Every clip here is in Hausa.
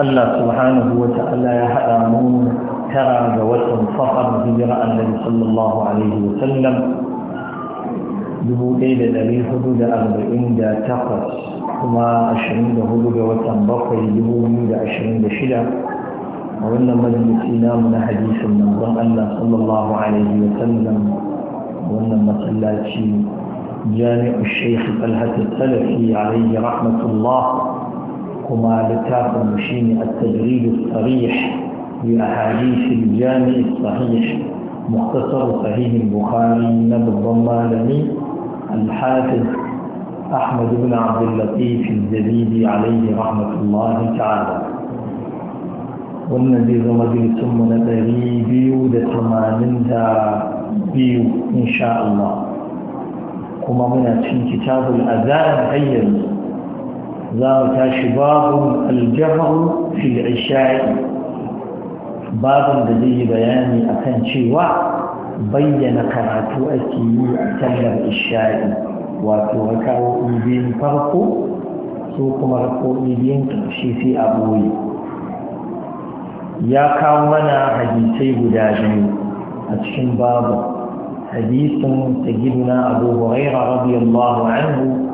الله سبحانه وتعالى يحرمون كراب وسن فقر هجر النبي صلى الله عليه وسلم دبو إلى ذي حدود أربعين دا تقص كما أشرين دا حدود وسن بقي دبو ميد أشرين دا شلا وإن مدن سينا من حديث من ظن الله صلى الله عليه وسلم وإن مصلاتي جامع الشيخ الفلحة السلفي عليه رحمة الله وإن كما لتاكم شيني التجريد الصريح لأحاديث الجامع الصحيح مختصر صحيح البخاري نبي الضمالني الحافظ أحمد بن عبد اللطيف الزبيدي عليه رحمة الله تعالى والنبي رمضي ثم نبري بيودة ثمانين بيو إن شاء الله كما من كتاب الأذان أيضا za mu tashi babun aljahu fil isha'i babun da zai yi bayani akan cewa bayyana karatu ake yi a sallar isha'i wato rakawo'i biyun farko su kuma rakawo'i biyun ƙarshe sai a boye ya kawo mana hadisai guda biyu a cikin babu hadisin sayyidina abu hurairah radiyallahu anhu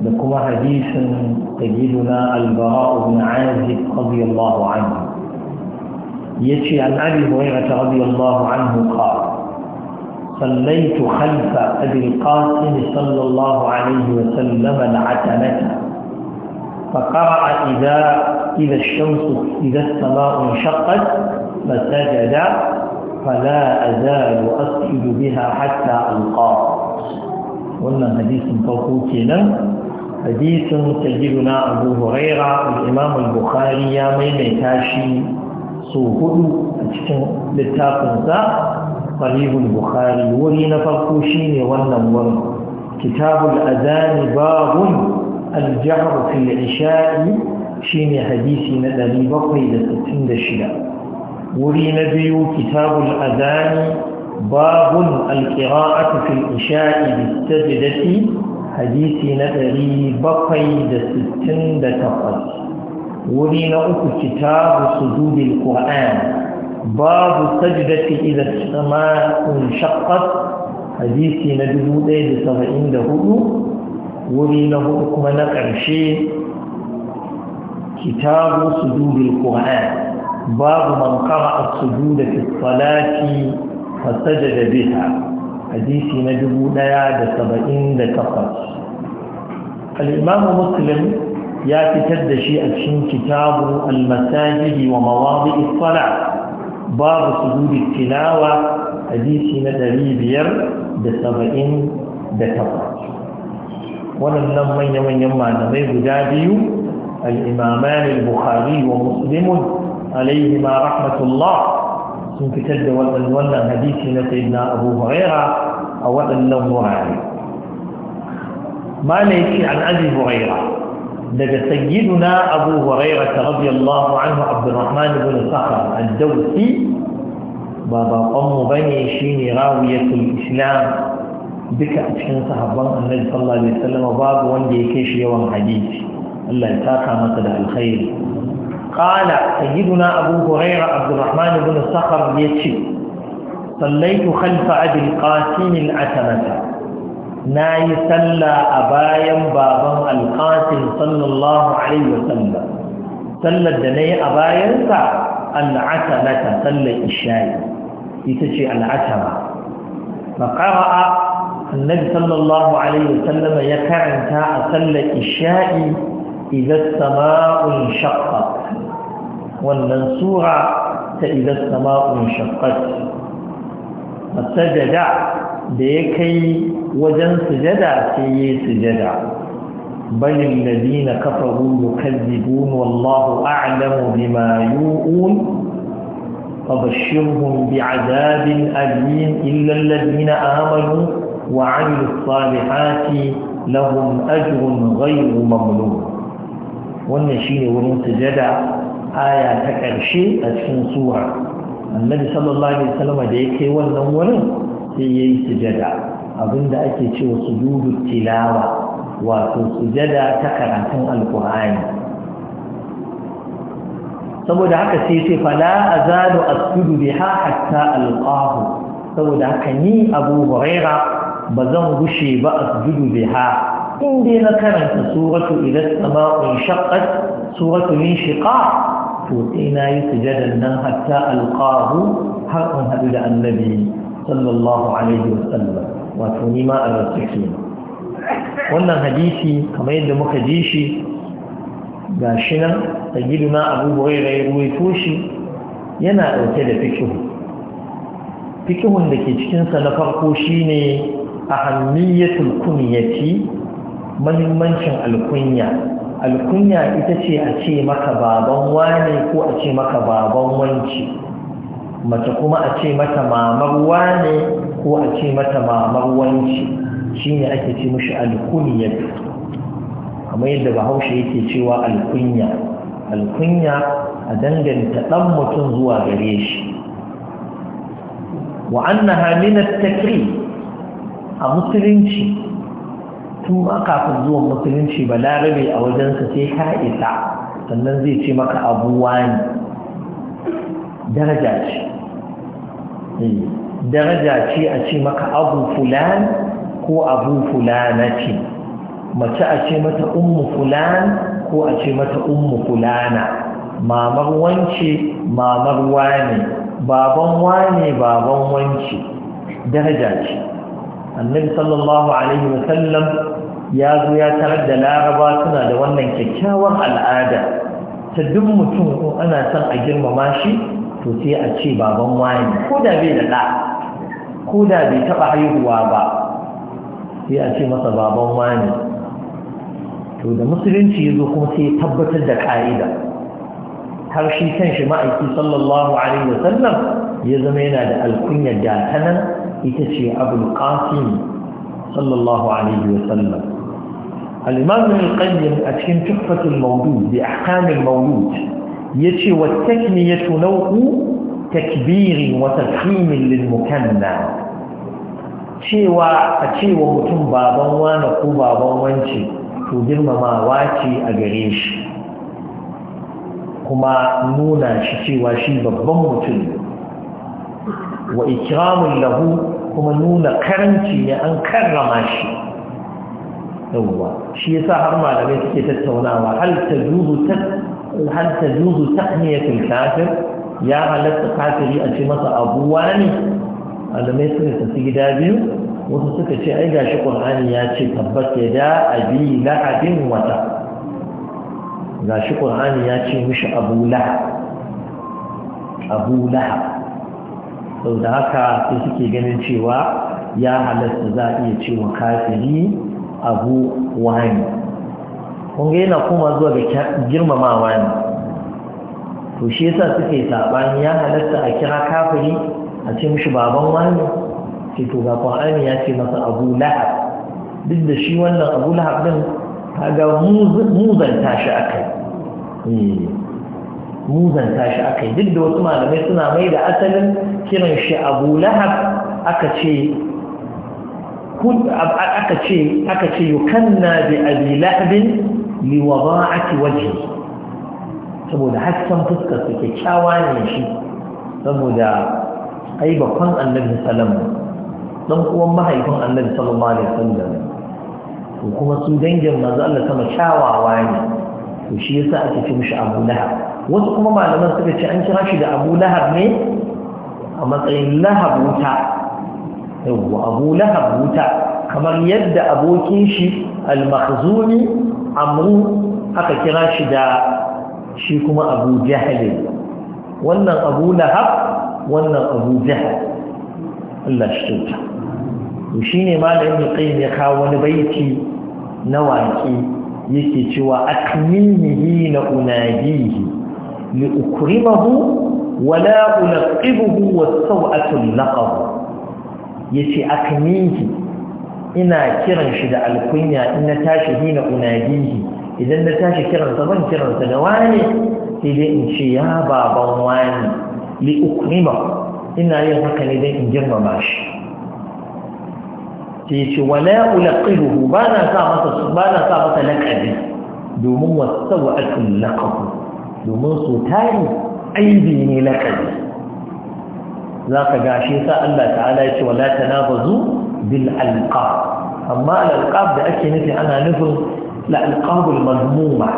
لكم حديث سيدنا البراء بن عازب رضي الله عنه يشي عن أبي هريرة رضي الله عنه قال صليت خلف أبي القاسم صلى الله عليه وسلم العتمة فقرأ إذا إذا الشمس إذا السماء انشقت فسجد فلا أزال أسجد بها حتى ألقاه قلنا حديث توقوتنا حديث سيدنا أبو هريرة الإمام البخاري يا ميمي تاشي سوهد أتكن للتاقنزا صحيح البخاري ولين فرقوشين والنور كتاب الأذان باب الجهر في العشاء شين حديثنا الذي بقي لستين دشلا ولين بيو كتاب الأذان باب القراءة في العشاء بالسجدة hadisi na ɗari bakwai da sittin da takwas wuri na uku kitabu sujudil qur'an babu sajdati idza as sun shaqqat hadisi na dubu ɗaya da saba'in da hudu wuri na hudu kuma na ƙarshe kitabu sujudil qur'an babu man a as-sujuda fi as-salati fa sajada حديثي نجبو ديا دسبعين دسقط الإمام مسلم ياتي تدشي أكشن كتاب المساجد ومواضع الصلاة باب سجود التلاوة حديثي ندري بير دسبعين دسقط ونمنا من من يما نميه جابيو الإمامان البخاري ومسلم عليهما رحمة الله سنكتد والألوان حديثنا سيدنا أبو هريرة a waɗannan wurare ma ne ce an aji huraira daga sayyiduna abu huraira ta rabi anhu abdurrahman ibn sahar al-dawsi ba baƙonmu ba ne shi ne rawiyatul islam duka a cikin sahabban annabi sallallahu alaihi wasallam babu wanda ya kai shi yawan hadisi Allah ya taka masa da alkhairi qala na abu huraira abdurrahman ibn sakhar yace sallaitu khalfa abil qasim al-atamata nayi salla a bayan baban al-qasim sallallahu alaihi wasallam sallar da nayi a bayansa al-atamata sallar isha'i ita ce al-atama فقرأ النبي صلى الله عليه وسلم يكعن تاء صلى إشاء إذا السماء انشقت والمنصورة إذا السماء انشقت sajada da ya kai wajen sujada sai yi sujada bayan ladina kafaru yukazzibun wallahu a'lamu bima yu'un fabashshirhum bi'adabin alim illa alladhina amanu wa 'amilu s-salihati lahum ajrun ghayru mamnun wannan shine wurin sujada aya ta ƙarshe a cikin sura annabi sallallahu alaihi wasallam da ya kai wannan wurin sai yayi sujada abinda ake cewa sujudu tilawa wato sujada ta karatun alqur'ani saboda haka sai sai fala azalu asjudu biha hatta alqahu saboda haka ni abu huraira zan gushe ba asjudu biha in dai na karanta suratu idan sama'un shaqqat suratu inshiqaq to sai na yi sujadar nan hatta alqahu har in haɗu da annabi sallallahu alaihi sallam. wato nima ma arziki wannan hadisi kamar yadda muka ji shi ga shi nan da girma abu huraira ya ruwaito shi yana ɗauke da fikihu fikihun da ke cikinsa na farko shine ahammiyatul kunyati mahimmancin alkunya alkunya ita ce a ce maka baban wane ko a ce maka baban wanci mace kuma a ce mata mamar wane ko a ce mata mamar wanci ne ake ce mashi alkunya kamar yadda bahaushe yake cewa alkunya alkunya a danganta ɗan mutum zuwa gare shi wa annaha min a musulunci tun ma kafin zuwan musulunci ba larabe a wajensa sai ka isa sannan zai ce maka abuwa ne daraja ce eh, daraja ce a ce maka abu fulan ko abu fulana ce mace a ce mata ummu fulan ko a ce mata ummu fulana mamar wance mamar wane baban wane baban wance daraja ce annabi sallallahu alaihi wasallam ya zo ya tarar da laraba suna da wannan kyakkyawar al'ada ta duk mutum ko ana son a girmama shi to sai a ce baban wani ko da bai da ɗa ko da bai taɓa haihuwa ba sai a ce masa baban wani to da musulunci ya zo kuma sai tabbatar da ƙa'ida har shi kan shi ma'aiki sallallahu alaihi wa sallam ya zama yana da alkunyar da ta nan ita ce abul qasim sallallahu alaihi wa sallam الإمام ابن القيم أتكن تحفة المولود بأحكام المولود يتي والتكنية takbirin تكبير وتفخيم للمكنى cewa a cewa mutum baban wane ko baban wance to girmamawa ce a gare shi kuma nuna shi cewa shi babban mutum wa ikramun lahu kuma nuna karanci ne an karrama shi yawwa shi yasa har malamai suke tattaunawa hal tajuzu ta hal tajuzu tahniyatul kafir ya halatta kafiri a ce masa abuwa ne malamai suka tafi gida biyu wasu suka ce ai gashi qur'ani ya ce tabbata da abi lahabin wata gashi qur'ani ya ce mishi abu lahab abu lahab sau da haka sai suke ganin cewa ya halatta za a iya cewa kafiri abu wani kunga yana kuma zuwa da girmamawa ne to shi yasa suke saɓani ya halatta a kira kafiri a ce mishi baban wani ce to ga ƙwarani ya ce masa abu lahab duk da shi wannan abu lahab din kaga muzanta shi aka yi eh, muzanta shi aka yi duk da wasu malamai suna mai da asalin kiran shi abu lahab aka ce aka ce aka yukanna bi abi lahabin liwaba ake waje. saboda hasken fuskar su kyakkyawa ne shi saboda ai babban annabi sallallahu dan uwan mahaifin annabi sallallahu alaihi wasallam to kuma su dangin manzo Allah sama kyawawa ne to shi yasa ake ce mishi Abu Lahab wasu kuma malaman suka ce an kira shi da Abu Lahab ne a matsayin Lahab wuta yawwa abu lahab wuta kamar yadda abokin shi al-makhzumi amru aka kira shi da shi kuma abu jahali wannan abu lahab wannan abu jahal Allah shi kyauta to shine malamin qayyim ya kawo wani baiti na waki yake cewa akminihi na unadihi li ukrimahu wala ulaqibuhu was-saw'atu laqabu yace aknihi ina kiran shi da alkunya in na tashi hina unadihi idan na tashi kiran sa ban kiran sa da wani sai dai in ce ya baban wani li ukrima ina yin haka ne dan in girmama shi sai ce wala ulaqihu ba na sa masa ba na sa masa laqabi domin wasawa'atul laqab domin su tari aibi ne laqabi za ka gashe sa Allah ta'ala ya ce wala tanabazu bil alqab amma al alqab da ake nufi ana nufin la alqab al mazmuma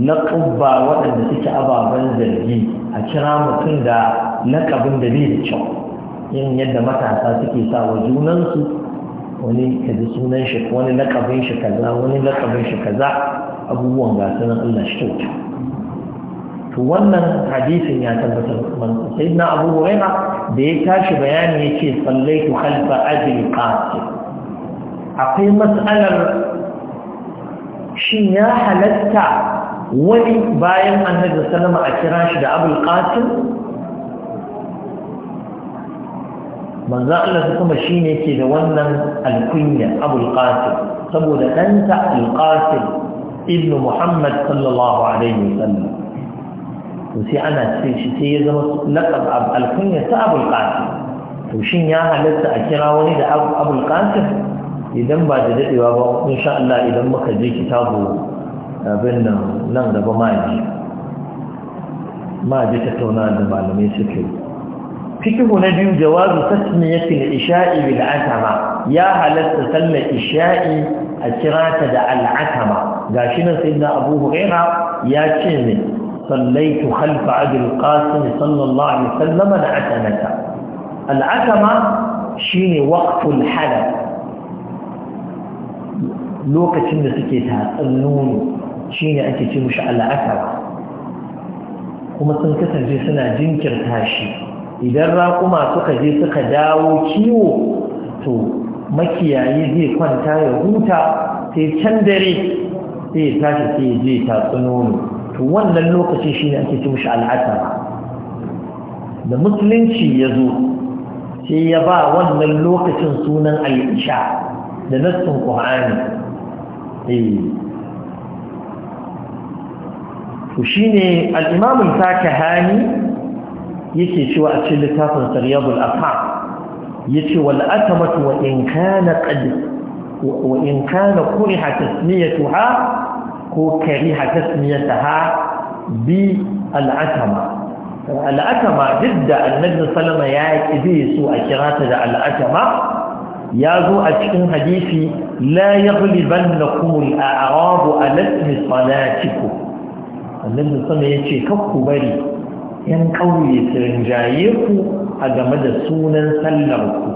laqaba waɗanda suke ababen zargi a kira mutum da laƙabin da bai da kyau yin yadda matasa suke sa wa junansu wani ka sunan shi wani laƙabin shi kaza wani shi kaza abubuwan gasar Allah shi kyau. to wannan hadisin ya tabbatar man na abu huraira da ya tashi bayani yace sallaitu khalfa ajli qasim akwai mas'alar shin ya halatta wani bayan annabi sallama a kira shi da abul qasim manzo Allah kuma shine yake da wannan alkunya abul qasim saboda ɗanta al qasim ibnu muhammad sallallahu alaihi wasallam وسيعنا سي سي لقب أب الكنية أبو القاسم وشين يا هلا تأكيرا ونيد أب أبو القاسم إذا ما بعد ذي وابا إن شاء الله إذا ما خدي كتابه بين نعند أبو ما يجي ما جي تتونا عند معلم يسكت كتبوا نبي جواز تسمية الإشاء بالعتمة يا هلا تسمى إشاء أكيرا تدع العتمة قال شنو سيدنا أبو هريرة يا شنو صليت خلف أبي القاسم صلى الله عليه وسلم العتمة العتمة شين وقت الحلب لوكة شنة سكيتها النون شين أنت تمشي على أثرها kuma sun kasance suna jinkirta shi idan raƙuma suka je suka dawo kiwo to makiyayi zai kwanta ya huta sai can dare sai ya tashi sai ya nono to wannan lokaci shine ake ce mishi al'asara da musulunci ya zo sai ya ba wannan lokacin sunan al'isha da nassin ƙwa'ani eh. to shi ne al'imamun ta kahani yake cewa a cikin littafin sariyabul afa ya ce wal'atamatu wa in wa in kana kuri hatasniyatuha ko kariha tasmiyataha bi al'atama al'atama duk da annabi sallama ya yi so a kira ta da al'atama ya zo a cikin hadisi la yaghlibannakum al'arabu ala ismi salatiku annabi sallama yace kakku bari yan kauye su rinjaye ku a game da sunan sallar ku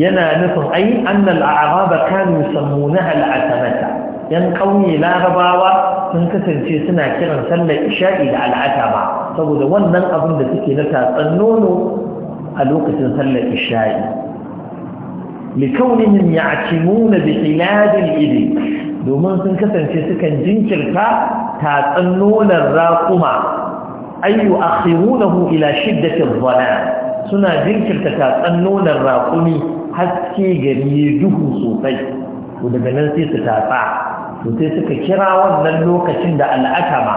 yana nufin ai annal a'raba kanu yusammunaha al'atamata yan ƙauye larabawa sun kasance suna kiran sallar isha'i da al'ata ba saboda wannan abin da suke na tatsan nono a lokacin sallar isha'i likaunihim ya'timuna bi hiladil ibil domin sun kasance sukan jinkirta tatsan nonon raƙuma ayyu akhirunahu ila shiddatil dhalam suna jinkirta tatsan nonon raƙumi haske gari duhu sosai daga nan sai su tatsa to sai suka kira wannan lokacin da al'akama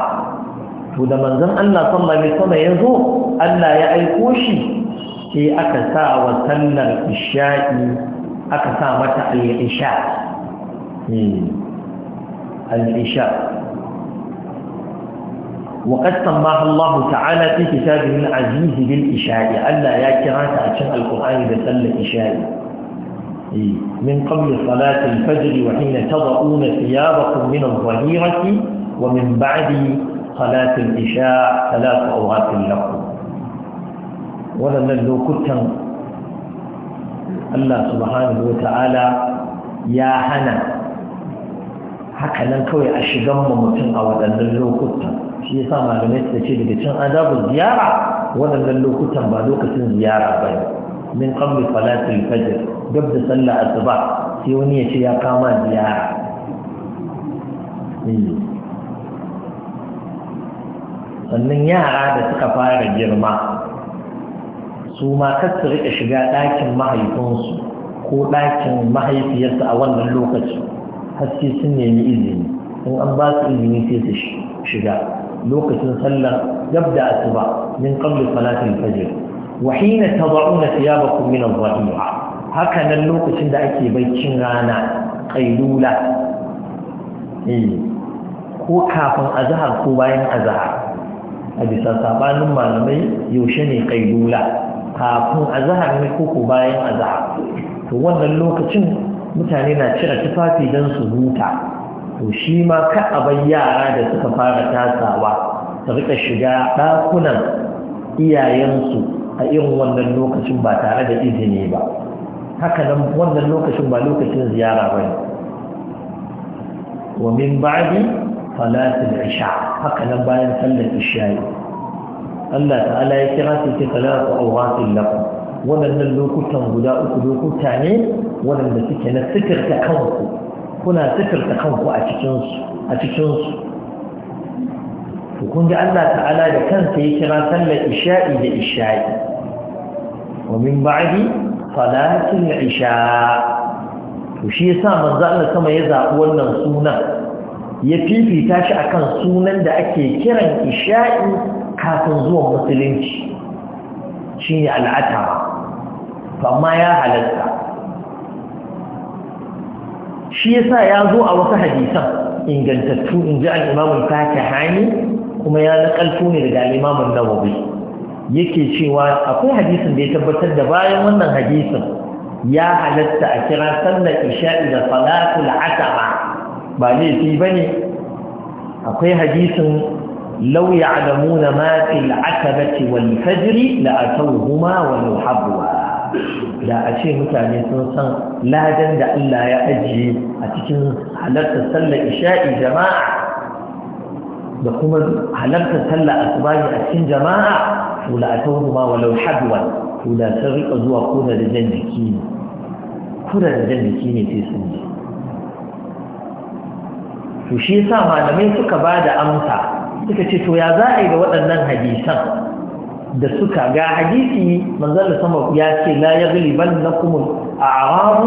to da manzon Allah sallallahu alaihi wasallam ya zo Allah ya aiko shi sai aka sa wa sallar isha'i aka sa mata al-isha hmm. al-isha وقد سماها الله تعالى في كتابه العزيز بالإشاء ألا يكرهك عشان القرآن بسل إشائي من قبل صلاة الفجر وحين تضعون ثيابكم من الظهيرة ومن بعد صلاة العشاء ثلاث أوقات لكم ولن لو كنت الله سبحانه وتعالى يا هنا hakanan kawai a shigan ma mutum a waɗannan lokutan shi yasa malamai suka ce daga cin adabin ziyara waɗannan lokutan ba lokacin ziyara ba ne min qabli salati al-fajr dab da sallah asuba sai wani ya ce ya kama ziyara hmm. sannan yara da suka fara girma su ma kar su riƙa shiga ɗakin mahaifinsu ko ɗakin mahaifiyarsa a wannan lokaci haske sun nemi izini in an ba su izini sai su shiga lokacin sallar gab da asuba min qabli salatil fajr wa hina tad'una thiyabakum min adh-dhahira haka nan lokacin da ake baccin rana qailula eh ko kafin azhar ko bayan azhar a bisa sabanin malamai yaushe ne qailula kafin azhar ne ko ko bayan azhar to wannan lokacin mutane na cire tufafi don su huta to shi ma ka abai yara da suka fara tasawa su riƙa shiga ɗakunan iyayensu a irin wannan lokacin ba tare da izini ba haka nan wannan lokacin ba lokacin ziyara ba ne wa min ba'di salatul isha haka nan bayan sallar isha'i Allah ta'ala ya kira su ce salatu awratin lakum waɗannan lokutan guda uku lokuta ne waɗanda suke na sitirta kanku kuna sitirta kanku a cikinsu a cikinsu kun ji Allah ta'ala da kansa ya kira sallar isha'i da isha'i ومن بعد صلاة العشاء وشي يسا من ذا كما يزعب ولن سونا يفيفي تاشي أكان سونا دا أكي كرن إشائي كافن زوم مسلمش شيني العتمة فما يا حلتا shi yasa ya zo a wasu hadisan ingantattu in ji al-imamun fatihani kuma ya nakalto ne daga al-imamun nawawi yake cewa akwai hadisin da ya tabbatar da bayan wannan hadisin ya halatta a kira sallar isha'i da salatul asaba ba ba ne akwai hadisin da ya'lamuna ma fil asabati wal fajri la atawhuma wa habwa da a ce mutane sun san ladan da Allah ya ajiye a cikin halartar sallar isha'i jama'a da kuma halartar sallah asubahi a cikin jama'a to la atawhu ma walau hadwan to da rika zuwa ko da jan jiki ne ko da jan jiki ne sai sun to shi yasa malamai suka ba da amsa suka ce to ya za a yi da waɗannan hadisan da suka ga hadisi manzon sama ya ce la yaghlibannakum al-a'rab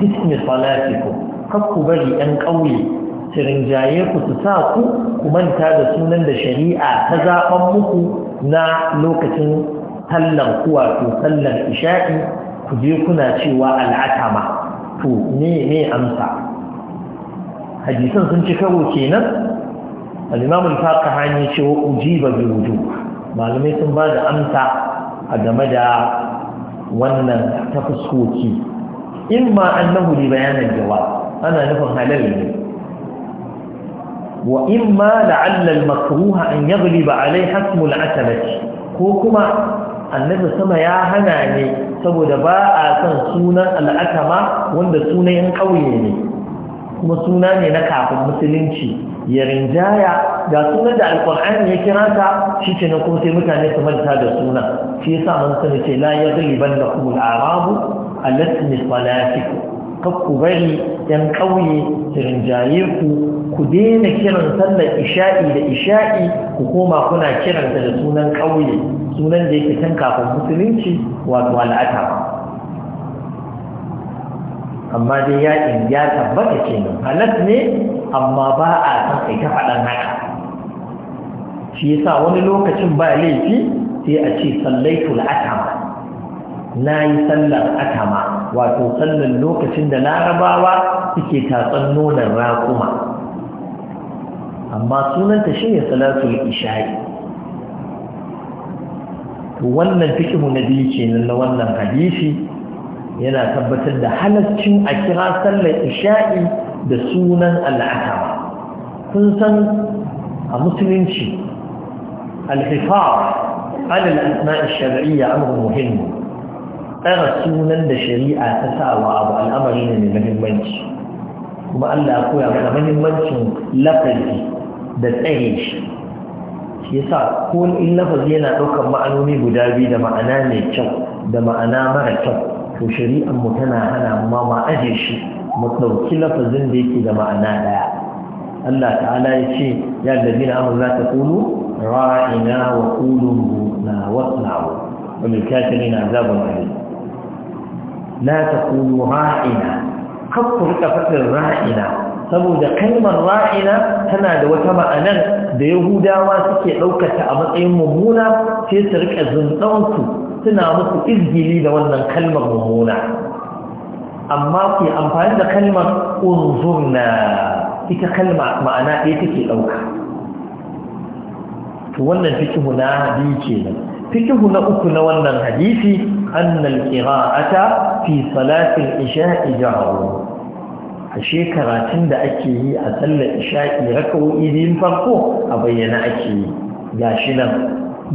fi ismi salatikum kakku bari ɗan ƙauye su rinjaye ku su sa ku ku manta da sunan da shari'a ta zaɓan muku na lokacin sallar kuwa wato sallar isha'i ku je kuna cewa al'atama to ne ne amsa hadisan sun ci karo kenan al-imam al-faqihani ce ba ujiba bi wudu malamai sun ba da amsa a game da wannan ta fuskoki in ma annahu li bayanan jawab ana nufin halal ne wa imma la'alla al-makruha an yaghliba alai hasmu al-akalati ko kuma annabi sama ya hana ne saboda ba a san sunan al'akama wanda sunan yan ƙauye ne kuma suna ne na kafin musulunci ya rinjaya ga sunan da alkur'ani ya kira ta shi ce na kuma sai mutane su manta da suna shi yasa mun sani ce la yaghliban kuma al a alati salatikum ku bari yan ƙauye su rinjaye ku ku daina kiran sallar isha'i da isha'i ku koma kuna kiranta da sunan ƙauye sunan da yake can kafin musulunci wato al'ata amma dai ya ya tabbata nan halas ne amma ba a san kai ta faɗan haka shi yasa wani lokacin ba laifi sai a ce sallaitul atama na yi sallar atama wato sallar lokacin da larabawa suke tatsan nonon raƙuma amma sunanta shi ne salatul isha'i to wannan fikihu na biyu kenan na wannan hadisi yana tabbatar da halaccin a kira sallar isha'i da sunan al'akama kun san a musulunci alhifar alal asma'i shar'iyya amrun muhimmi tsara sunan da shari'a ta sawa abu al'amari ne mai mahimmanci, kuma Allah ya koya mana mahimmancin lafazi da tsare shi shi yasa ko in lafazi yana ɗaukar ma'anoni guda biyu da ma'ana mai kyau da ma'ana mara kyau to shari'ar mu tana hana mu ma aje shi mu ɗauki lafazin da yake da ma'ana ɗaya Allah ta'ala ya ce ya ladin amur za ta kulu ra'ina wa kulun na wasu na Wani mai na azabun alim la taqulu ra'ina kakku rika fatar ra'ina saboda kalmar ra'ina tana da wata ma'anar da yahudawa suke ɗaukata a matsayin mummuna sai su rika zunɗansu suna musu izgili da wannan kalmar mummuna amma ke amfani da kalmar unzurna ita kalma ma'ana ɗaya take ɗauka to wannan fikihu na biyu kenan fikihu na uku na wannan hadisi annal qira'ata fi salatil isha'i jahrun ashe karatun da ake yi a sallar isha'i raka'o'i biyun farko a bayyana ake yi gashi nan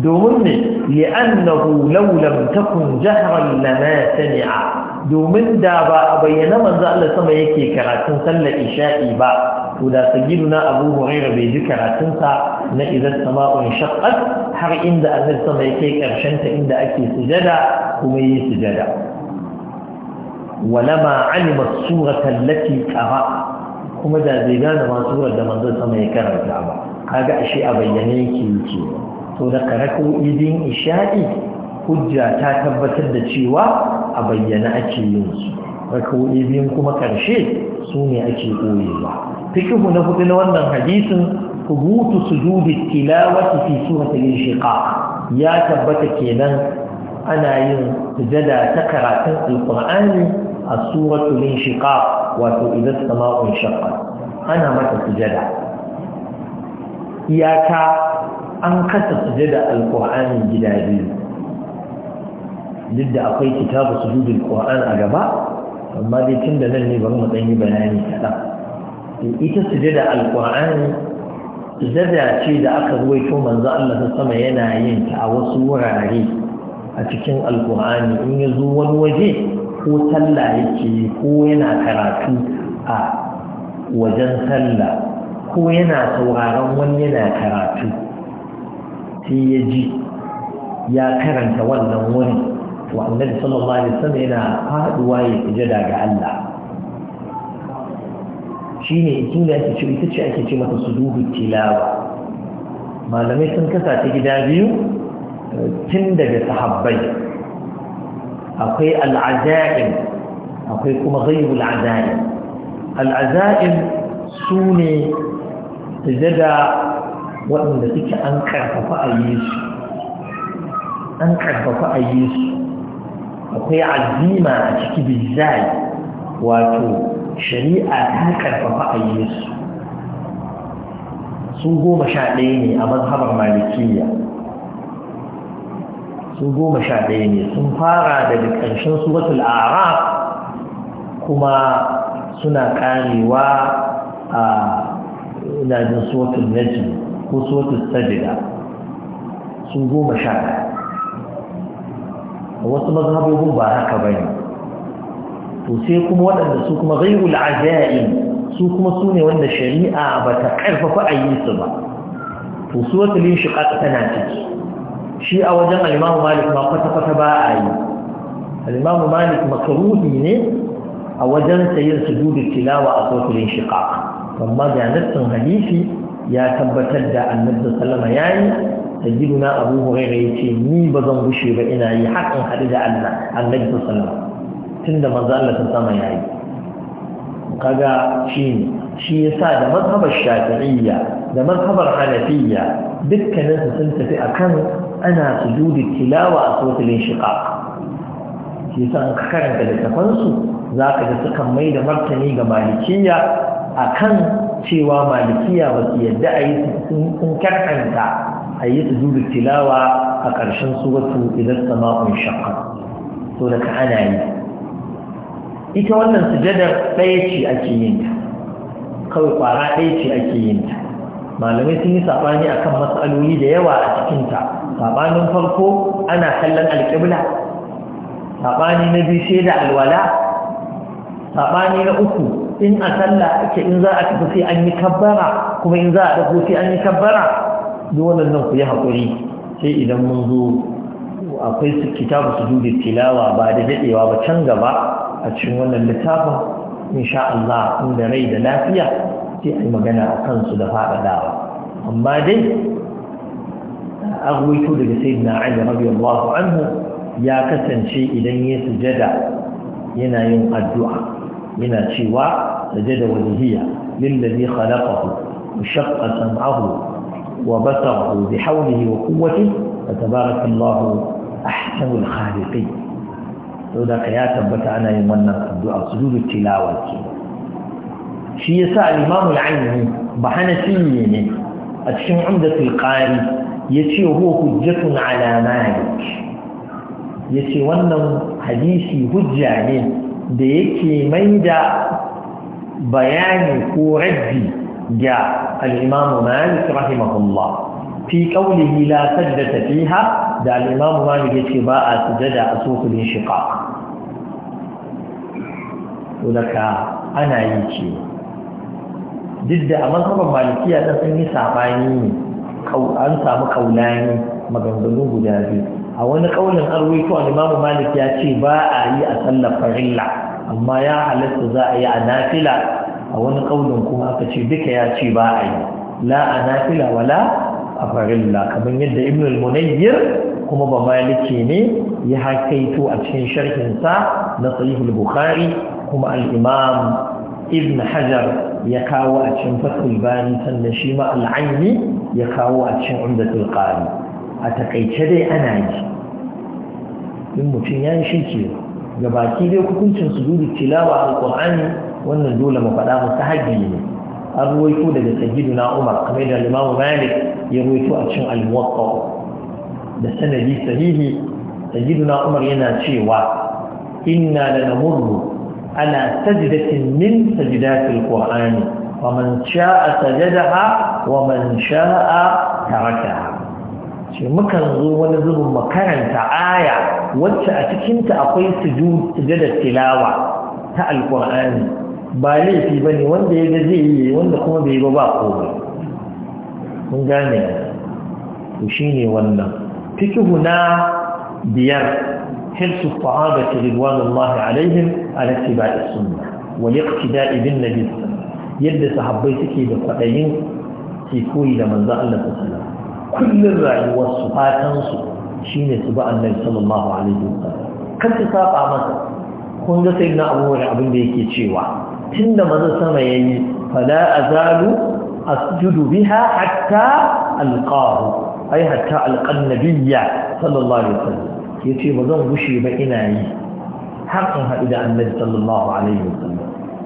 domin ne li'annahu law lam takun jahran lana sami'a domin da ba a bayyana manzo Allah sama yake karatun sallar isha'i ba to da sagiduna abu huraira bai ji karatunsa na idan sama'un shaqqat har inda annabi sama ya kai karshen ta inda ake sujada kuma yi sujada Wala alima sura tallafi qara kuma da bai gane ma surar da manzon sama ya karanta ba kaga ashe a bayyane yake yake to da karako idin isha'i hujja ta tabbatar da cewa a bayyane ake yin su rakawoyi biyun kuma ƙarshe su ne ake koyewa fikihu na hudu na wannan hadisin hubutu sujudi tilawati fi suratul inshiqaq ya tabbata kenan ana yin sujada ta karatun alqur'ani a suratul inshiqaq wato idan sama'u inshaqqat ana mata sujada iyaka an kasa sujada alqur'ani gida biyu duk da akwai kitabu sujudul qur'an a gaba amma dai tun da nan ne bari mu dan yi bayani kaɗan ita sujada alqur'ani sujada ce da aka ruwaito manzo Allah sama yana yin ta a wasu wurare a cikin Alƙur'ani, in ya zo wani waje ko sallah yake ko yana karatu a wajen sallah ko yana sauraron wani yana karatu sai ya ji ya karanta wannan wurin to annabi sallallahu alaihi wasallam yana faduwa ya sujada ga Allah shine sune ake ce ita ce ake ce mata su suduhu tilawa malamai sun kasa ta gida biyu tun daga sahabbai akwai al'aza'in akwai kuma ghaibul aza'im al'aza'im sune sujada waɗanda suke an karfafa a yi su an karfafa a yi su akwai azima a ciki bizai wato shari'a ta karfafa a yi su goma sha ɗaya ne a mazhabar malikiya sun goma sha ɗaya ne sun fara daga ƙarshen suratul ara kuma suna ƙarewa a inajin suratul najm ko suratul sajida sun goma sha ɗaya wasu mazhabobin ba haka ba ne to sai kuma waɗanda su kuma ghairul ajaib su kuma su ne wanda shari'a ba ta karfafa a yi su ba to su wata lin shi tana ciki shi a wajen alimamu malik ma kwata-kwata ba a yi alimamu malik makaruhi ne a wajen sayin sujudu tilawa a sautin shi amma da nassin hadisi ya tabbatar da yi. sallama yayi sayyiduna abu ya ce ni bazan gushe ba ina yi hakan haɗu da Allah annabi tun da maza Allah sun sama yayi kaga shi ne shi yasa da mazhabar shafi'iyya da mazhabar hanafiyya dukkanin su sun tafi akan ana sujudi tilawa a sotilin shiqaq shi yasa an karanta littafansu za zaka ga sukan mai da martani ga malikiyya akan cewa malikiya ba su yadda a yi sun karanta a yi sujudu tilawa a ƙarshen su watu idan sama'un shakka so daga ka ana yi ita wannan sujadar ɗaya ce ake yin ta kawai ƙwara ɗaya ce ake yin ta malamai sun yi saɓani a kan matsaloli da yawa a cikinta saɓanin farko ana kallon alƙibla saɓani na biyu sai da alwala saɓani na uku in a sallah ake in za a tafi sai an yi kabbara kuma in za a tafi sai an yi kabbara duk wannan ku yi haƙuri sai idan mun zo akwai kitabu su dubi tilawa ba da daɗewa ba can gaba a cikin wannan littafin insha Allah inda rai da lafiya sai a yi magana a kansu da faɗaɗawa amma dai an ruwaito daga sayyidina Ali radiyallahu anhu ya kasance idan ya sujada yana yin addu'a yana cewa sujada wajhiya lillazi khalaqahu وشق سمعه وبصره بحوله وقوته فتبارك الله أحسن الخالقين sau da ka ya tabbata ana yin wannan addu'a su dudu tilawa shi ya sa alimamu al'ayyani ba hana fiye ne a cikin amdatul ƙari ya ce huwa hujjatun ala ya ce wannan hadisi hujja ne da yake mai da bayani ko raddi ga al'imamu malik rahimahullah fi ƙaunihi la da fiha da al'imamu malik ya ce ba a sujada a sufulin shiƙa daga ana yi ce duk da a mazhaban malikiya ɗan sun yi saɓani ne an samu kaulani maganganu guda biyu a wani ƙaunin an ruwaito al'imamu malik ya ce ba a yi a sallar farilla amma ya halatta za a yi a nafila a wani ƙaunin kuma aka ce duka ya ce ba a yi la a nafila wala a farilla kamar yadda ibn al kuma ba maliki ne ya hakaito a cikin sharhinsa na sahihul bukhari kuma al-imam ibn hajar ya kawo a cikin fathul bani sannan shi ma al-aini ya kawo a cikin umdatul qari a takaice dai ana ji in mutum ya yi shi ke ga baki dai hukuncin sujudi tilawa alqur'ani wannan dole mu faɗa mu sahabi ne an ruwaito daga na Umar kamar da Al-Imamu Malik ya roito a cin almuwatta da sanadi sahihi na umar yana cewa inna da ala sajdatin min sajdatil qur'ani wa man sha'a sajadaha wa man sha'a tarakaha ce mukan zo wani zubin makaranta aya wacce a cikinta akwai sujudar tilawa ta alkur'ani ba laifi ba ne wanda ya ga zai yi wanda kuma bai ba ba komai kun gane shi ne wannan fituhu na biyar hilsu fa’aga ta rigwan Allah a laihin a lati ba a suna wani ƙarfi da’ibin na biyu yadda sahabbai suke da kwaɗayin ke koyi da manza Allah ta kullum rayuwarsu fatansu shine ne su ba a nan saman mahu a laihin sa kan ta saba masa kun sai na abubuwan abin da yake cewa tun maza sama ya yi fada a أسجد بها حتى ألقاه أي حتى ألقى النبي صلى الله عليه وسلم يتي وزن وشي بإناي حقها إلى النبي صلى الله عليه وسلم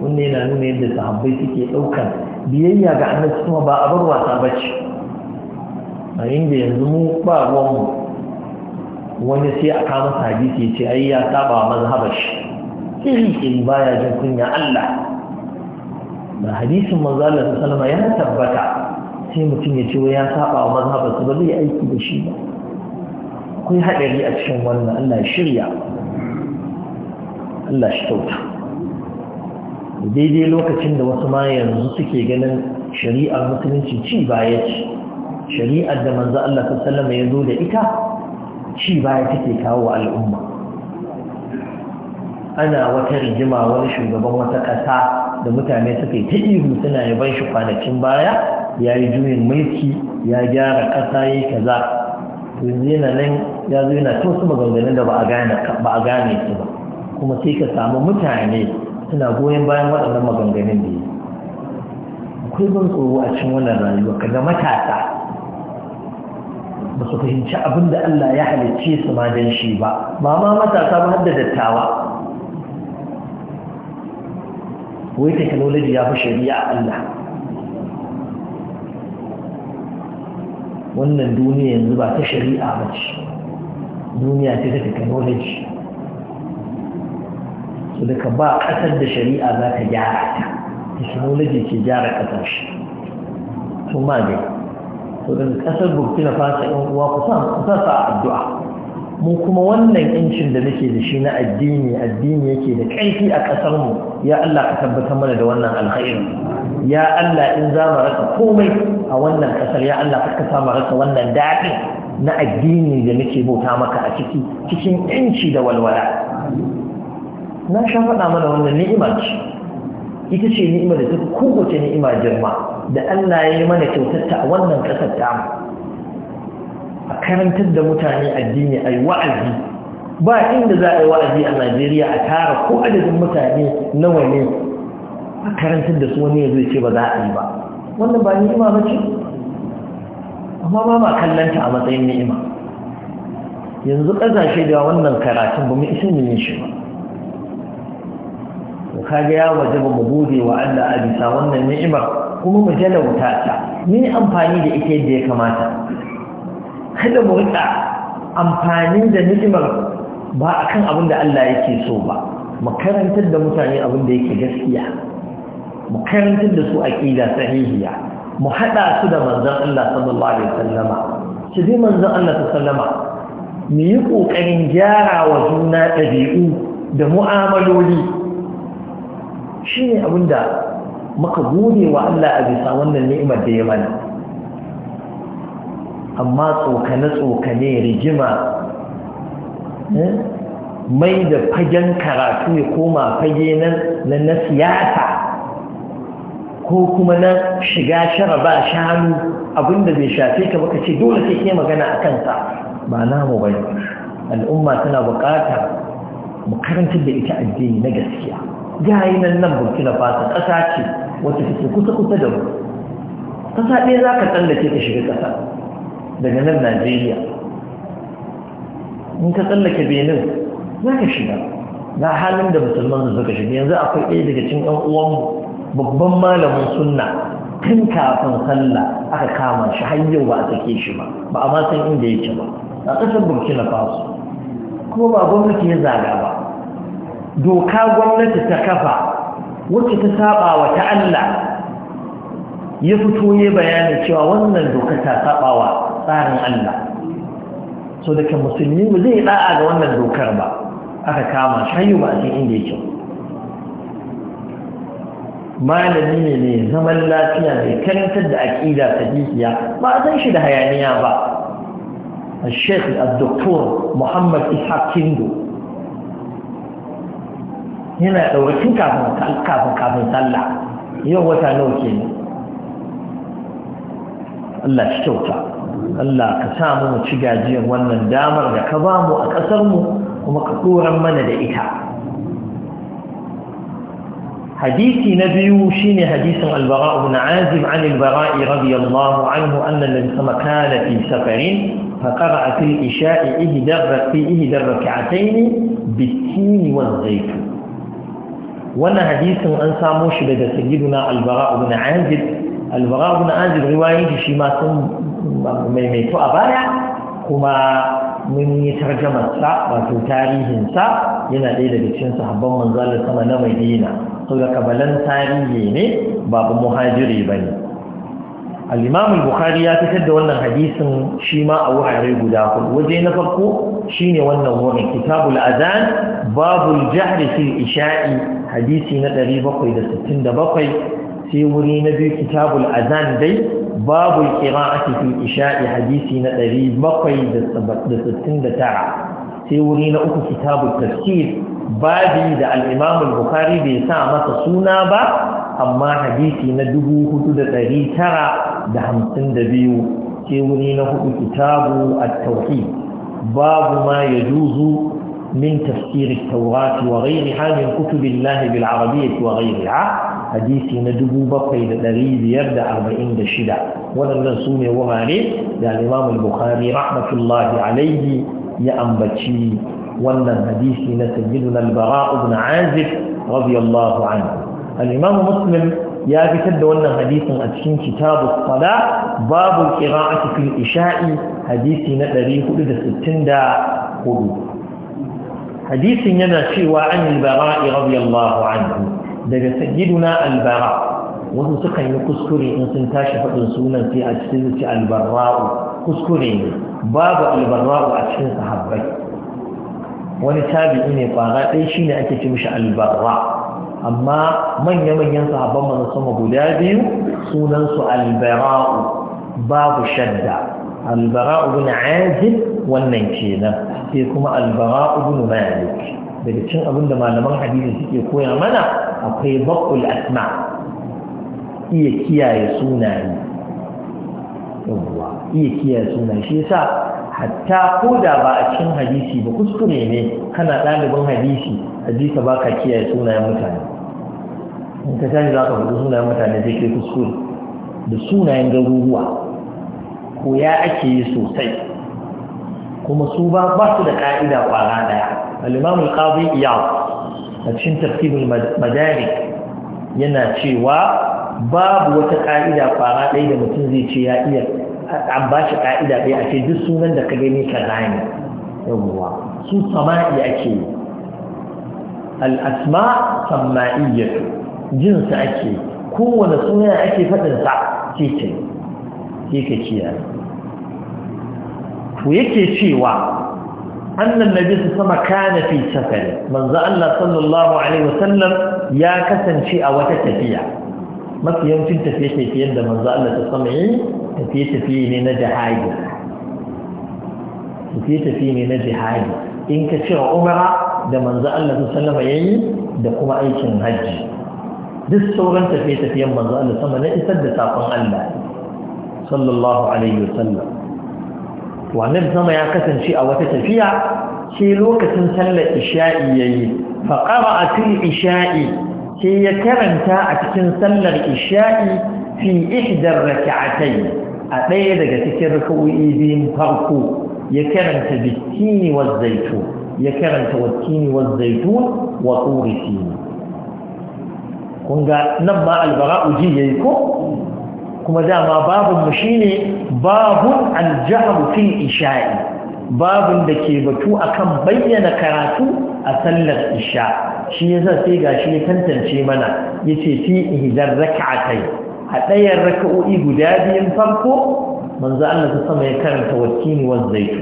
wannan yana nuna yadda sahabbai suke ɗaukar biyayya ga annabi kuma ba bar wasa ba ce a inda yanzu mu ba ruwanmu wani sai a kama hadisi ya ce ai ya saba mazhabar iri iri baya jin kunya Allah hadisin manzo Allah salama ya tabbata sai mutum ya ce wai ya saba wa mazhabar su ba zai aiki da shi ba akwai haɗari a cikin wannan Allah ya shirya Allah shi kyauta daidai lokacin da wasu ma yanzu suke ganin shari'ar musulunci ci baya ce shari'ar da manzo Allah salama ya zo da ita ci baya take kawo al'umma ana wata rigima wani shugaban wata ƙasa da mutane suka yi ta ihu suna yi ban shi kwanakin baya ya yi juyin mulki ya gyara ƙasa ya kaza yanzu yana nan ya zo yana ta wasu maganganun da ba a gane su ba kuma sai ka samu mutane suna goyon bayan waɗannan maganganun da yi akwai ban tsoro a cikin wannan rayuwa kaga matasa ba su fahimci abin da Allah ya halicce su ma don shi ba ba ma matasa ba har da dattawa wai technology ya fi shari'a Allah wannan duniya yanzu ba ta shari'a ba ce duniya ce ta technology su daga ba ƙasar da shari'a za ta gyara ta technology ke gyara ƙasashe su ma dai to daga ƙasar burkina faso yan uwa ku sa sa addu'a mu kuma wannan incin da nake da shi na addini addini yake da kaifi a kasar mu ya Allah ka tabbatar mana da wannan alkhairi ya Allah in za mu rasa komai a wannan ƙasar ya Allah ka sa mu rasa wannan daɗi na addini da nake bauta maka a ciki cikin inci da walwala na sha faɗa mana wannan ni'ima ce ita ce ni'ima da ta kowace ni'ima girma da Allah ya yi mana kyautatta a wannan ƙasar tamu a karantar da mutane addini a yi wa'azi ba inda za a yi wa'azi a najeriya a tara ko adadin mutane nawa ne a karantar da su wani ya zai ce ba za a yi ba wannan ba ni'ima ba ce amma ba ma kallanta a matsayin ni'ima yanzu ƙasashe da wannan karatun ba mu isa ne shi ba kaga ya waje ba mu gode wa Allah a bisa wannan ni'imar kuma mu jalauta ta ni amfani da ita yadda ya kamata kada mu rika amfani da ni'imar ba akan abin da Allah yake so ba mu karantar da mutane abin da yake gaskiya mu karantar da su aqida sahihiya mu hada su da manzon Allah sallallahu alaihi wasallam shi dai manzon Allah sallama mu yi kokarin gyara wa juna dabi'u da mu'amaloli shine abinda muka gode wa Allah a bisa wannan ni'imar da ya mana amma tsokane-tsokane rigima eh, mai da fagen karatu ya koma fage nan na siyasa ko kuma na shiga shara ba shanu abinda bai shafe ka baka ce dole sai ke magana a kansa ba namu bai al'umma tana buƙatar mu da ita addini na gaskiya gayi nan nan burkina faso ƙasa ce wacce take kusa-kusa da mu ƙasa ɗaya za ka tsallake ka shiga ƙasa daga nan najeriya in ka tsallake benin za ka shiga na halin da musulman da suka shiga yanzu akwai ɗaya daga cikin ɗan uwanmu babban malamin sunna tun kafin sallah aka kama shi har yau ba a sake shi ba ba a ma san inda yake ba a ƙasar burkina faso kuma ba gwamnati ya zaga ba doka gwamnati ta kafa wacce ta saba wa ta Allah ya fito ya bayanin cewa wannan doka ta saba tsarin Allah so daga musulmi ba zai da'a ga wannan dokar ba aka kama shayu ba sai inda yake malami ne mai zaman lafiya mai karantar da aƙida sahihiya ba san shi da hayaniya ba الشيخ الدكتور محمد Yana كيندو kafin kafin kafin sallah. Yau wata سلا يوم Allah الله kyauta. Allah ka sa mu mu ci gajiyar wannan damar da ka ba mu a ƙasar mu kuma ka tsoron mana da ita hadisi na biyu shine hadisin albara ibn azib an albara radiyallahu anhu anna nabi sama kana fi safarin فقرأ في الإشاء إهدى في إهدى الركعتين بالتين والزيتون وانا حديث أن ساموش لدى سيدنا البراء بن عازب البراء بن عازب رواية شما Mai maimaito a baya kuma mun yi tarjamarsa wato tarihinsa yana ɗaya daga cikin sahabban manzalar sama na madina sau da kabalan tarihi ne babu muhajiri ba ne al'imamun bukhari ya fitar da wannan hadisin shi ma a wurare guda huɗu, waje na farko shine wannan wurin kitabul azan babul jahri fil isha'i hadisi na 767 sai wuri na biyu kitabul azan dai باب القراءة في إشاء حديثنا الذي بقي دستين دتاع سيورينا أكو كتاب التفسير بابي دا الإمام البخاري بيسامة سونا با أما حديثنا دبو هدو دتاري ترى دا دبيو سيورينا أكو كتاب التوحيد باب ما يجوز من تفسير التوراة وغيرها من كتب الله بالعربية وغيرها hadisi na dubu bakwai da ɗari biyar da arba'in da shida waɗannan su ne wurare da imam bukhari rahmatullahi alaihi ya ambaci wannan hadisi na sayyidun albara ibn azib radiyallahu anhu al-imam muslim ya fitar da wannan hadisin a cikin kitabu sala babu qira'ati fil isha'i hadisi na 464 hadisin yana cewa an al-bara'i radiyallahu anhu daga sayyiduna albara wasu sukan yi kuskure in sun tashi faɗin sunan sai a cikin zuci albarra'u kuskure ne babu albarra'u a cikin sahabbai wani tabi'i ne kwara ɗaya shine ake ce mishi albarra amma manya-manyan sahabban manzon sama guda biyu sunansu albara'u babu shadda albara'u bin azib wannan kenan sai kuma albara'u bin malik daga cin abin da malaman hadisi suke koya mana akwai baƙul asma iya kiyaye sunaye yawwa iya kiyaye sunaye shi yasa hatta ko da ba a cikin hadisi ba kuskure ne kana ɗalibin hadisi hadisa ba ka kiyaye sunayen mutane in ka tashi za ka faɗi sunayen mutane sai kai kuskure da sunayen garuruwa ko ya ake yi sosai kuma su ba su da ƙa'ida kwara ɗaya. al-imam iyawa, a cikin tafsirul madani yana cewa babu wata ƙa'ida ƙwara ɗaya da mutum zai ce ya iya an ba shi ƙa'ida ɗaya a ce duk sunan da ka gani ka gane yawwa su sama'i ake yi al'asma sama'iyyatu jinsa ake kowane suna ake faɗin sa ce ka kiyaye to yake cewa annan nabi su sama kana fi safari manzo Allah sallallahu alaihi wasallam ya kasance a wata tafiya mafi yawancin tafiye-tafiyen da manzo Allah ta sama yi tafiye-tafiye ne na jihadi tafiye-tafiye ne na jihadi in ka cire umara da manzo Allah ta sallama yayi da kuma aikin hajji duk sauran tafiye-tafiyen manzo Allah sama na isar da sakon Allah sallallahu alaihi wasallam wannan sama ya kasance a wata tafiya sai lokacin sallar isha'i yayi fa qara'a isha'i sai ya karanta a cikin sallar isha'i fi ihdar rak'atayn a ɗaya daga cikin rakawoyi biyun farko ya karanta bittini wa zaitun? ya karanta wattini wa zaitun wa turi kun ga nan ma albara uji yayi ko kuma dama babinmu shi ne babun aljahamu isha'i babun da ke batu akan bayyana karatu a sallar isha shi yasa sai ga shi tantance mana ya ce fi ihdar raka'atai a ɗayan raka'o'i guda biyun farko manzo Allah ta sama ya karanta wakini wa zaitu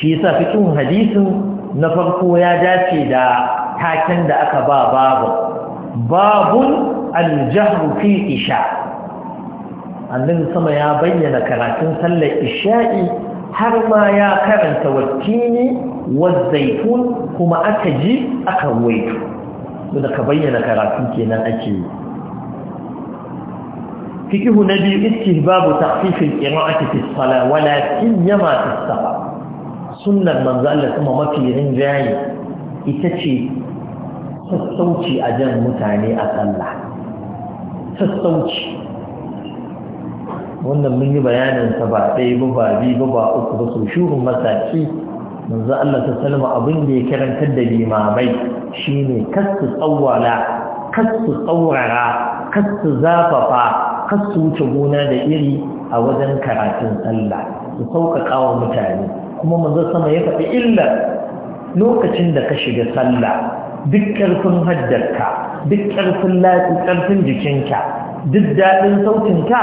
shi sa fikin hadisin na farko ya dace da taken da aka ba babu babun aljahru fi isha annin sama ya bayyana karatun sallar isha'i har ma ya karanta wattini wazzaitun kuma aka ji aka waito da ka bayyana karatun kenan ake yi فقه نبي استهباب تخفيف القراءة في الصلاة ولا سيما في السفر سنة من ذا ثم ما في رنجاي إتشي sassauci a jan mutane a sallah sassauci wannan mun yi bayanin sa ba ɗaya ba ba biyu ba ba uku ba sau shuhun mataki manzo Allah ta salama abin da ya karantar da limamai shine kasu tsawwala kasu tsawara kasu zafafa kasu wuce gona da iri a wajen karatun sallah su sauƙaƙa wa mutane kuma manzo sama ya faɗi illa lokacin da ka shiga sallah duk ƙarfin hajjarka duk ƙarfin ƙarfin jikinka duk daɗin sautinka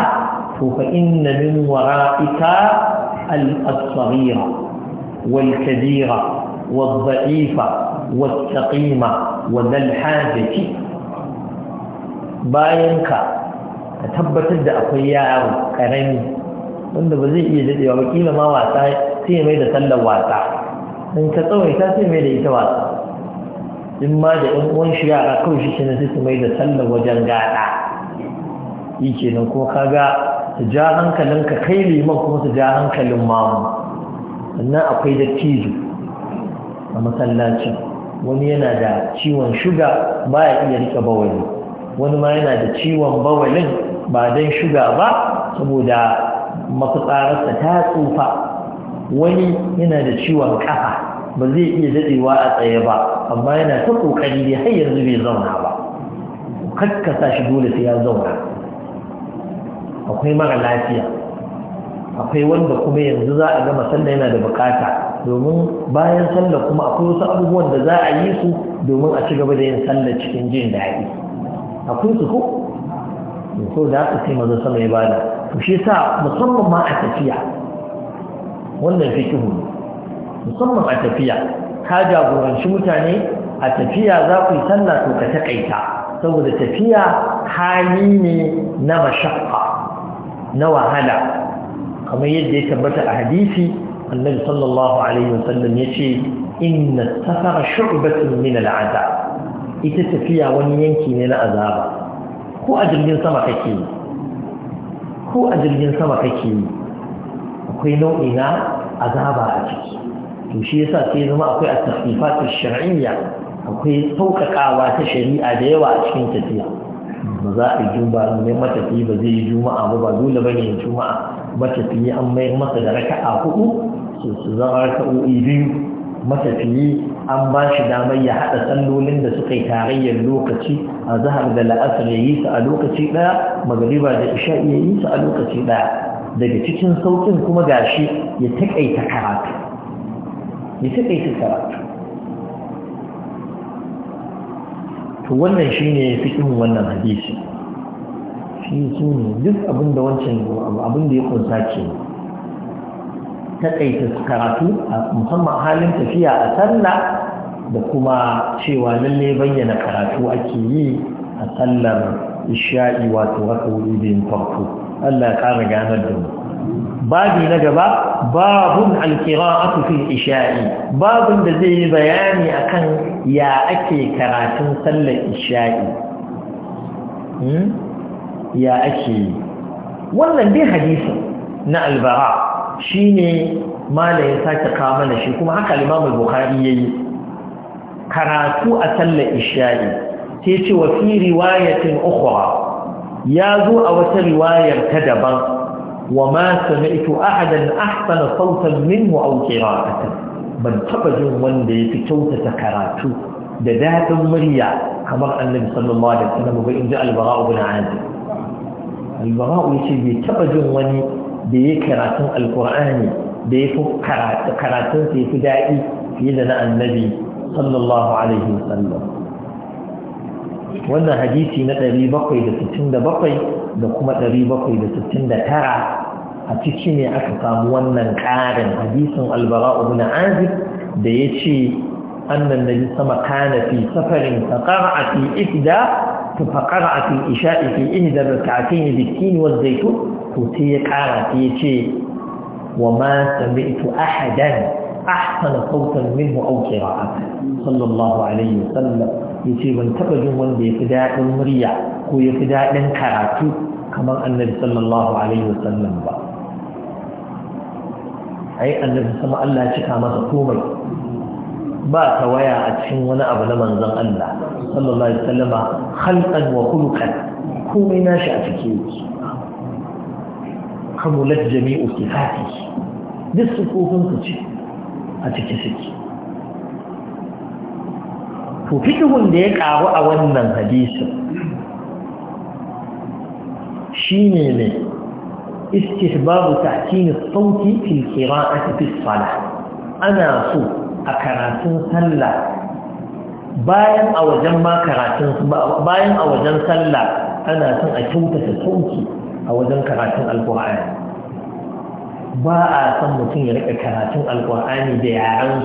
to fa inna min wara'ika al-asghira wal kabira wal dha'ifa wal taqima wa dal hajati bayanka ka tabbatar da akwai yaro karami wanda ba zai iya dadewa ba kila ma wasa sai mai da sallar wasa in ka tsawaita sai mai da ita wasa in ma da ɗan uwan shi yara kawai shi kenan sai su mai da sallar wajen gaɗa yi kenan ko ga su ja hankalin ka kai liman kuma su ja hankalin mamu sannan akwai tizu a masallacin. wani yana da ciwon shuga ba ya iya rika bawali wani ma yana da ciwon bawalin ba don shuga ba saboda mafitsararsa ta tsufa wani yana da ciwon ƙafa. ba zai iya dadewa a tsaye ba amma yana ta kokari dai har yanzu bai zauna ba kakkasa shi dole sai ya zauna akwai mara lafiya akwai wanda kuma yanzu za a gama sallah yana da bukata domin bayan sallah kuma akwai wasu abubuwan da za a yi su domin a ci gaba da yin sallah cikin jin daɗi akwai su ko ko da aka sai maza sama ya bada to shi sa musamman ma a tafiya wannan fikihu ne musamman a tafiya ka jagoranci mutane a tafiya za ku yi sallah to ka taƙaita saboda tafiya hali ne na mashakka na wahala kamar yadda ya tabbata a hadisi annabi sallallahu alaihi wasallam ya ce inna safara shu'batun min al'ada ita tafiya wani yanki ne na azaba ko a jirgin sama kake yi ko a jirgin sama kake yi akwai nau'i na azaba a ciki to shi yasa sai zama akwai a tasrifatu shar'iyya akwai sauƙaƙawa ta shari'a da yawa a cikin tafiya ba za a yi juma'a mai matafi ba zai yi juma'a ba ba dole bane yin juma'a matafiyi an mai masa da raka'a hudu su zama raka'o'i biyu matafiyi an ba shi damar ya haɗa sallolin da suka yi tarayyar lokaci a zahar da la'asar ya yi su a lokaci ɗaya magariba da isha ya yi su a lokaci ɗaya daga cikin sauƙin kuma gashi ya taƙaita karatu bai suka yi karatu to wannan shi ne fikin wannan hadisi shi su ne duk abin da wancan abin da ya kunsa ta kaita karatu a musamman halin tafiya a sallah da kuma cewa lalle bayyana karatu ake yi a sallar isha'i wato wata wuri biyun farko Allah ya kara ganar da mu babi na gaba babun alkira'atu fil isha'i babun da zai yi bayani akan ya ake karatun sallar isha'i hmm? ya ake wannan dai hadisi na albara shine mala ya sake kawo mana shi kuma haka Imam al ya yayi karatu a sallar isha'i sai ce wa fi riwayatin ukhra ya zo a wata riwayar ta daban وما سمعت أحدا أحسن صوتا منه أو قراءة من تبجن من في كوتة كراتو دذات مريع كما النبي صلى الله عليه وسلم وإن جاء البراء بن عازم البراء يشي بتبجن من بي كراتو القرآن بي كراتو في فدائي في لنا النبي صلى الله عليه وسلم وأن wannan hadisi na 767 da لستين 769 a ciki ne aka samu wannan ƙarin hadisin albara'u bin azib da ya ce annan nabi sama kana fi safarin faqara fi ihda to faqara fi isha'i fi ihda rak'atayn wa zaytun to sai ya ƙara sai ya ce wa ma sami'tu ahadan ahsana sautan minhu aw qira'atan sallallahu alaihi wasallam yace ban taba jin wanda yafi daɗin murya ko yafi daɗin karatu kamar annabi sallallahu alaihi wasallam ba ai annabi sama Allah cika masa komai ba ta waya a cikin wani abu na manzon Allah sallallahu alaihi wasallama khalqan wa khuluqan komai nashi a cikin yake kamulat jami'u sifati duk sufofin ku ce a cikin suke to fikihun da ya karu a wannan hadisin shine ne istihbabu ta'tini sauti fil asibiti fis ana so a karatun sallah bayan a wajen bayan a wajen sallah ana son a kyautata sauti a wajen karatun alqur'ani ba a son mutum ya rika karatun alkur'ani da yaran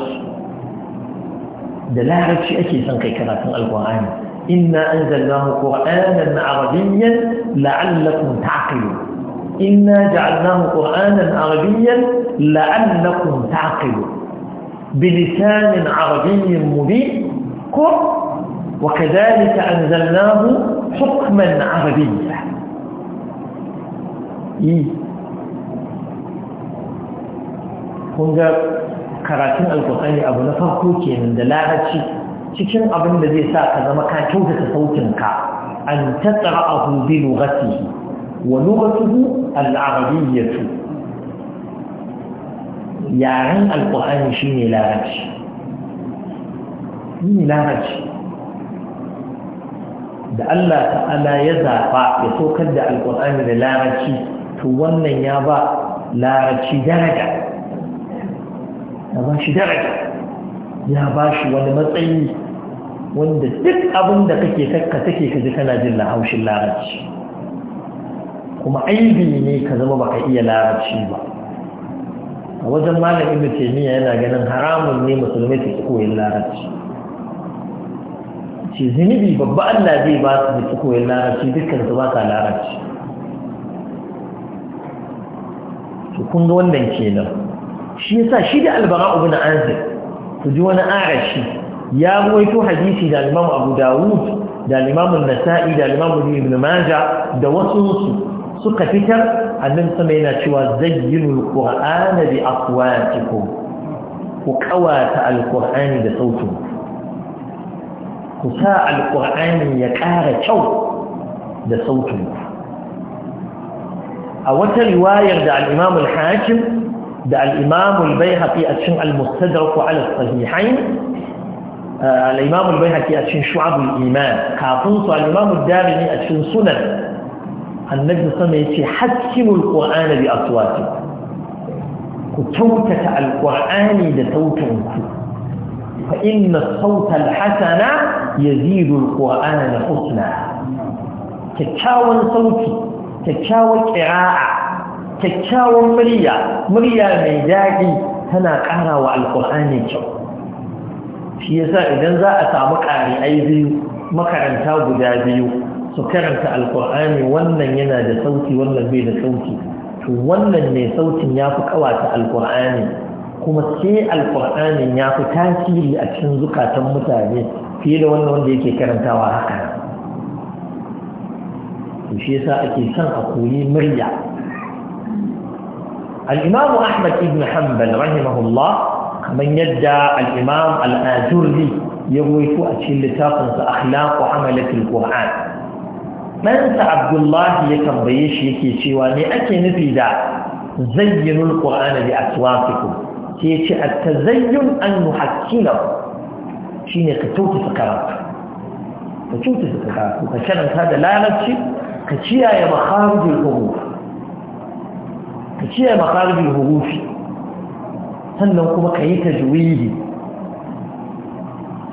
da larabci ake son kai karatun alkur'ani inna anzalnahu qur'anan arabiyyan la'allakum ta'qilun إنا جعلناه قرآنا عربيا لعلكم تعقلون بلسان عربي مبين قر وكذلك أنزلناه حكما عربيا kunga karatun alkur'ani abu na farko kenan da larabci cikin abin da zai sa ka zama ka kyautata sautinka an tattara abu bi lughatihi wa lughatuhu al'arabiyyatu yaren alƙur'ani shi ne larabci shi ne da Allah ta'ala ya zaɓa ya sokar da alƙur'ani da laraci to wannan ya ba laraci daraja ya ba shi daraja ya ba shi wani matsayi wanda duk abin da kake kakka take ka ji kana jin lahaushin larabci kuma aibi ne ka zama baka iya larabci ba a wajen malamin da taimiyya yana ganin haramun ne musulmai su koyin larabci ce zunubi babba Allah zai ba su su koyin larabci dukkan su ba sa larabci to kun ga wannan kenan shi yasa shi da albara ibn azib ku ji wani arashi ya ruwaito hadisi da Imam Abu Dawud da Imam An-Nasa'i da Imam Ibn Majah da wasu su suka fitar annan sama yana cewa zayyinul qur'ana bi aqwatikum ku kawata alqur'ani da sautin ku sa alqur'ani ya ƙara kyau da sautin a wata riwayar da al-Imam al-Hakim da al-Imam al-Baihaqi a cikin al-Mustadrak ala sahihain al-Imam al-Baihaqi a cikin Shu'ab al-Iman kafin su al-Imam ad-Darimi a cikin Sunan annabi sama yace hakimul qur'ana bi aswati ku tautata alqur'ani da sautin ku fa inna sautal hasana yazidu alqur'ana husna kyakkyawan sauti kyakkyawan qira'a kyakkyawan murya murya mai daɗi tana ƙara wa alqur'ani kyau shi yasa idan za a samu ƙari ai biyu makaranta guda biyu su karanta alkur'ani wannan yana da sauti wannan bai da sauti to wannan mai sautin ya fi kawata alkur'ani kuma sai alkur'ani ya fi tasiri a cikin zukatan mutane fiye da wannan wanda yake karantawa haka to shi yasa ake son a koyi murya الإمام أحمد بن حنبل رحمه الله من يدعى الإمام الآجري يروي فؤتي لتاقنص أخلاق وعملة القرآن ɗansa abdullahi ya tambaye shi yake cewa ne ake nufi da zayyinul qur'ana da aswaqikum sai ya ce at-tazayyun an Shi ne ka kyautata karatu ka kyautata karatu ka shananta da larabci ka kiyaye makharijul huruf ka kiyaye makharijul huruf sannan kuma ka yi tajwidi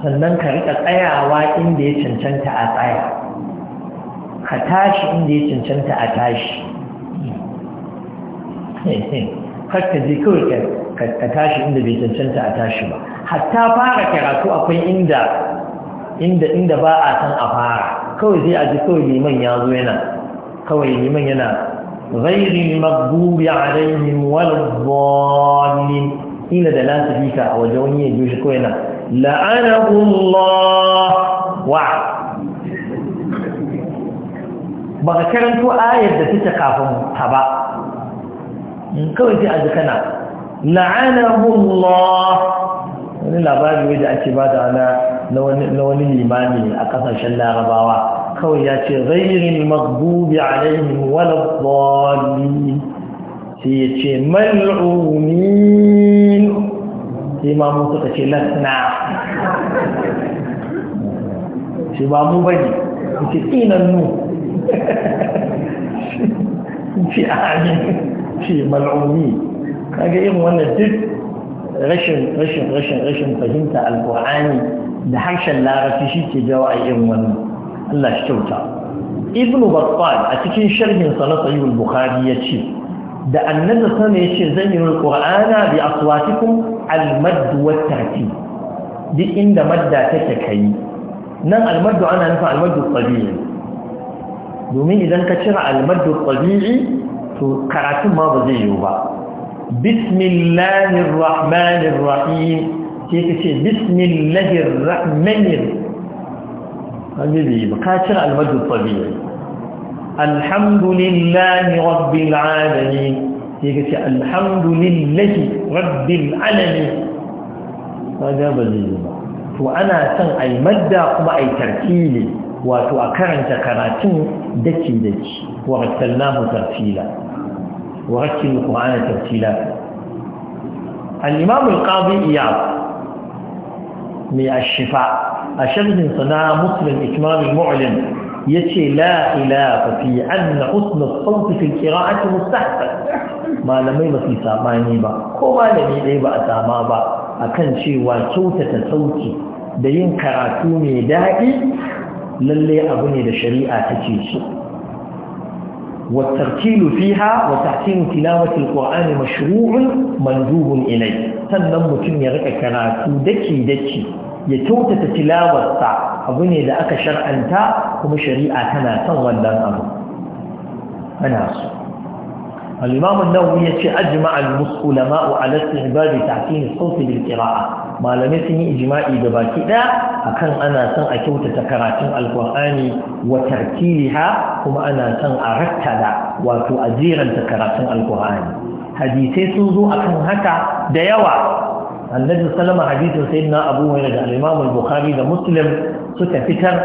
sannan ka riƙa tsayawa inda ya cancanta a tsaya ka tashi inda ya cancanta a tashi kakka je kawai ka tashi inda bai cancanta a tashi ba hatta fara karatu akwai inda inda inda ba a san a fara kawai sai a ji kawai liman ya zo yana kawai liman yana غير المغضوب عليهم ولا الضالين a دلالة wani أو جونية kawai كوينة لعنه الله وعد baka karanto ayar da take kafin ta ba in kawai sai azkana ji kana la'anahullah wani labari da ake ba da na wani limami a kasashen larabawa kawai ya ce ghairin maghdubi alaihim wala dhalin sai ya ce mal'umin sai ma mu suka ce lasna shi ba mu bane ce tsinan nu ce amin kaga irin wannan duk rashin rashin rashin rashin fahimta alƙur'ani da harshen larabci shi ke jawo a irin wannan Allah shi kyauta ibnu battal a cikin sharhin sa na sahih al-bukhari yace da annabi sama yace zan yi alqur'ana bi aswatikum al-madd wa duk inda madda take kai nan al-madd ana nufin al-madd al-tabi'i domin idan ka cira almadu tabi'i to karatun ma ba zai yiwu ba bismillahir rahmanir rahim sai ka ce bismillahir rahmanir rahim ka cire almadu tabi'i alhamdulillahi rabbil alamin sai ka ce alhamdulillahi rabbil alamin ba da ba zai yiwu ba to ana son ai madda kuma ai tartili wato a karanta karatun daki daki wa rattalnahu tartila wa rattil qur'ana tartila al-imam al-qadi iyad mai ash-shifa a sharhin sana muslim ikmal al-mu'lim yace la ilaha fi anna husn as-sawt fi al-qira'ati mustahsan malamai ba su sabani ba ko malami dai ba a sama ba akan cewa kyautata sauti da yin karatu mai daɗi lalle abu ne da shari'a take shi fiha wa وتحسين تلاوة القرآن mashru'un مندوب إليه sannan mutum ya rika karatu daki-daki ya kyautata tilawarsa abu ne da aka shar'anta kuma shari'a tana son wannan abu ana so al-imam an-nawawi yace ajma'a al-muslima'u ala istihbab tahsin as-sawt bil qira'a malamai sun yi ijima'i da baki ɗaya akan ana son a kyautata karatun alkur'ani wa tartiliha kuma ana son a rattala wato a jeranta karatun alkur'ani hadisai sun zo akan haka da yawa annabi sallama hadisin sayyidina abu hurairah da al al-bukhari da muslim suka fitar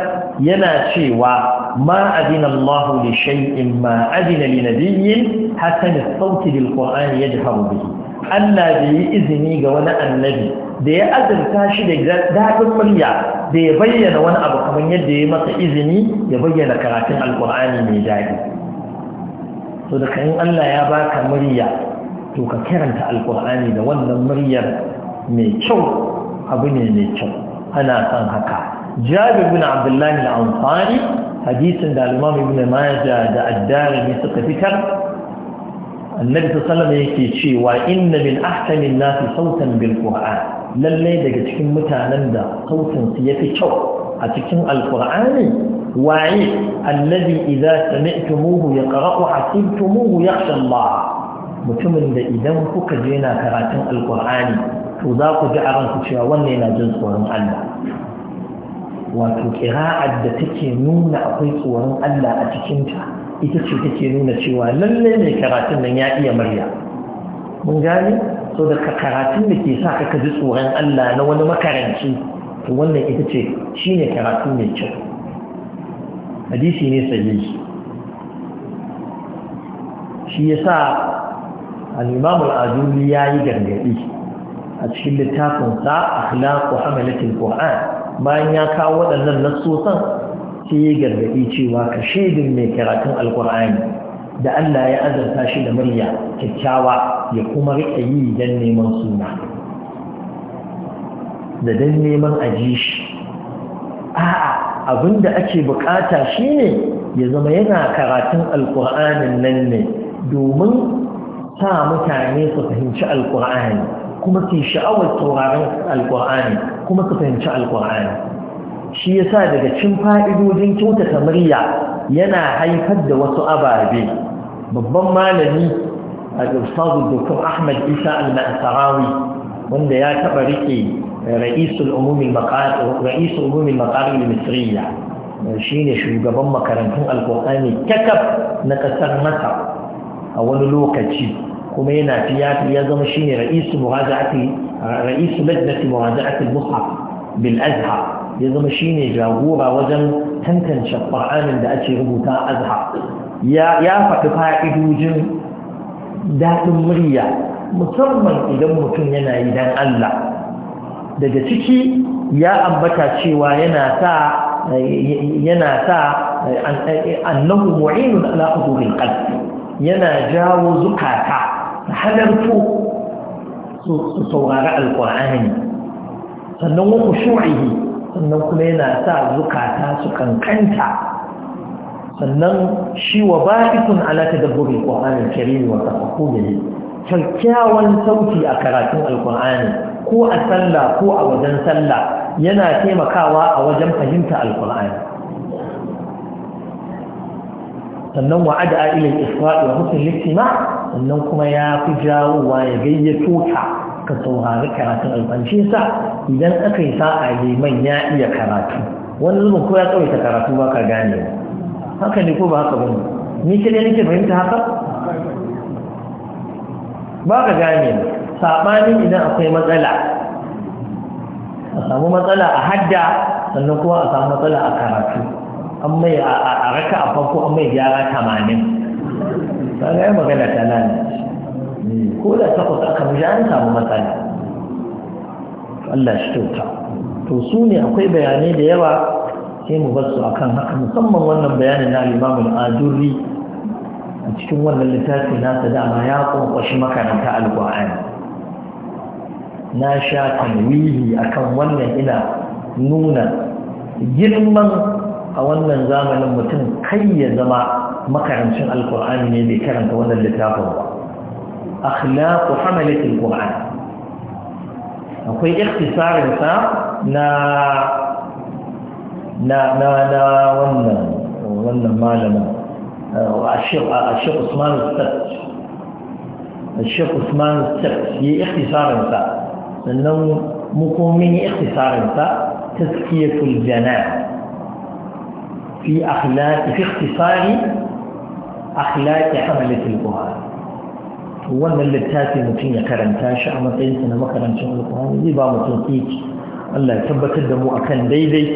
yana cewa ma adina Allah li shay'in ma adina li nabiyyin hatta as-sawt bil qur'ani yajharu bihi Allah bai yi izini ga wani annabi da ya azurta shi da daɗin murya da ya bayyana wani abu kamar yadda ya masa izini ya bayyana karatun alkur'ani mai daɗi to da kayan Allah ya baka murya to ka karanta alkur'ani da wannan muryar mai kyau abu ne mai kyau ana san haka jabir bin abdullahi al-ansari hadisin da al-imam ibn majah da ad suka fitar annabi sallallahu yake cewa inna min ahsanin nasi sautan bil qur'an lalle daga cikin mutanen da sautin su yafi kyau a cikin alqur'ani waye allazi idza sami'tumuhu yaqra'u hasibtumuhu yakhsha Allah mutumin da idan kuka je na karatun alqur'ani to za ku ji a ranku cewa wannan yana jin tsoron Allah wato kira'ar da take nuna akwai tsoron Allah a cikinta ita ce take nuna cewa lallai mai karatun nan ya iya murya mun gane so da ka karatun da ke sa ka ji tsoron Allah na wani makaranci to wannan ita ce shine karatu mai kyau hadisi ne sahihi shi yasa al-Imam al-Azuli yayi gargadi a cikin littafin sa akhlaqu hamalatil Qur'an bayan ya kawo waɗannan nassosan sai ya gargaɗi cewa ka shaidin mai karatun alkur'ani da Allah ya azurta shi da murya kyakkyawa ya kuma riƙa yi don neman suna da don neman aji shi a'a abin da ake bukata shine ya zama yana karatun alkur'anin nan ne domin sa mutane su fahimci alkur'ani kuma su sha'awar tauraron alkur'ani kuma su fahimci alkur'ani shi yasa daga cin fa'idodin kyautata murya yana haifar da wasu ababe babban malami a ustadu dr ahmad isa al-ma'sarawi wanda ya taba riƙe ra'isul umumin maqari ra'isul shine shugaban makarantun al-qur'ani na ƙasar masar a wani lokaci kuma yana fiya ya zama shine raisu muhajati ra'isul lajnati muhajati bil azhar ya zama shine jagora wajen tantance ƙwa'anin da ake rubuta azha. ya faɗi fa'idojin daɗin murya musamman idan mutum yana yi don Allah daga ciki ya ambata cewa yana sa annahu mu'inun ala huduril yana jawo zukata halartu su saurari alƙur'ani sannan wa khushu'ihi sannan kuma yana sa zukata su kankanta sannan shi wa ba'ikun ala da qur'anil karim wa tafakkurih kyakkyawan sauti a karatun alqur'ani ko a sallah ko a wajen sallah yana taimakawa a wajen fahimta alqur'ani sannan wa'ada ila al-isra' wa husn sannan kuma ya fi jawowa ya gayyato ta Ka saurari karatun alfanshi sa idan aka yi sa'a liman ya iya karatu wani zubin ko ya tsawaita karatu ba ka gane haka ne ko ba haka bane ni ke ne nake fahimta haka ba ka gane saɓanin idan akwai matsala a samu matsala a hadda sannan kuma a samu matsala a karatu an mai a raka a farko an mai gyara tamanin ba ga yi magana ta lalace ko da takwas aka mishi an samu matsala Allah shi kyauta to su ne akwai bayanai da yawa sai mu bar su akan haka musamman wannan bayanin na Limamin ajuri a cikin wannan littafi nasa dama ya kwankwashi makaranta alƙur'ani na sha tanwihi akan wannan ina nuna girman a wannan zamanin mutum kai ya zama makarancin alkur'ani ne bai karanta wannan littafin ba أخلاق حملة القرآن أخي اختصار الإنسان نا نا نا نا ونا ونا ما لنا آه، الشيخ الشيخ عثمان السبت الشيخ عثمان السبت هي اختصار الإنسان لأنه مقومين اختصار الإنسان تزكية الجنان في أخلاق في اختصار أخلاق حملة القرآن wannan littafi mutum ya karanta shi a matsayinsa na makarancin alkur'ani zai ba mutum kiki Allah ya tabbatar da mu akan daidai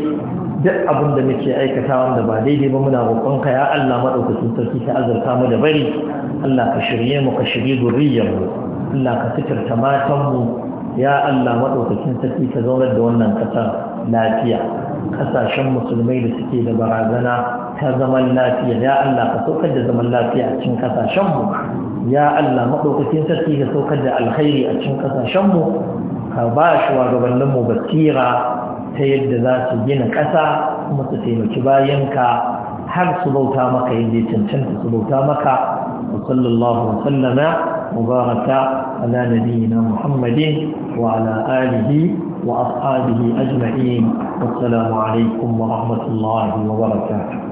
duk abin da muke aikata wanda ba daidai ba muna roƙonka ya Allah maɗaukacin sarki ka azurta mu da bari Allah ka shirye mu ka shirye zuriyar mu Allah ka fitarta matan mu ya Allah maɗaukacin sarki ka zaunar da wannan ƙasar lafiya ƙasashen musulmai da suke da barazana ta zaman lafiya ya Allah ka saukar da zaman lafiya a cikin ƙasashen mu ya Allah maɗaukacin sarki ka saukar da alkhairi a cikin ƙasashenmu ka ba shugabanninmu basira ta yadda za su gina ƙasa kuma su taimaki bayanka har su bauta maka yadda ya cancanta su bauta maka wa sallallahu wa sallama mubaraka ala nabiyina muhammadin wa ala alihi wa ashabihi ajma'in wassalamu alaikum wa rahmatullahi wa barakatuh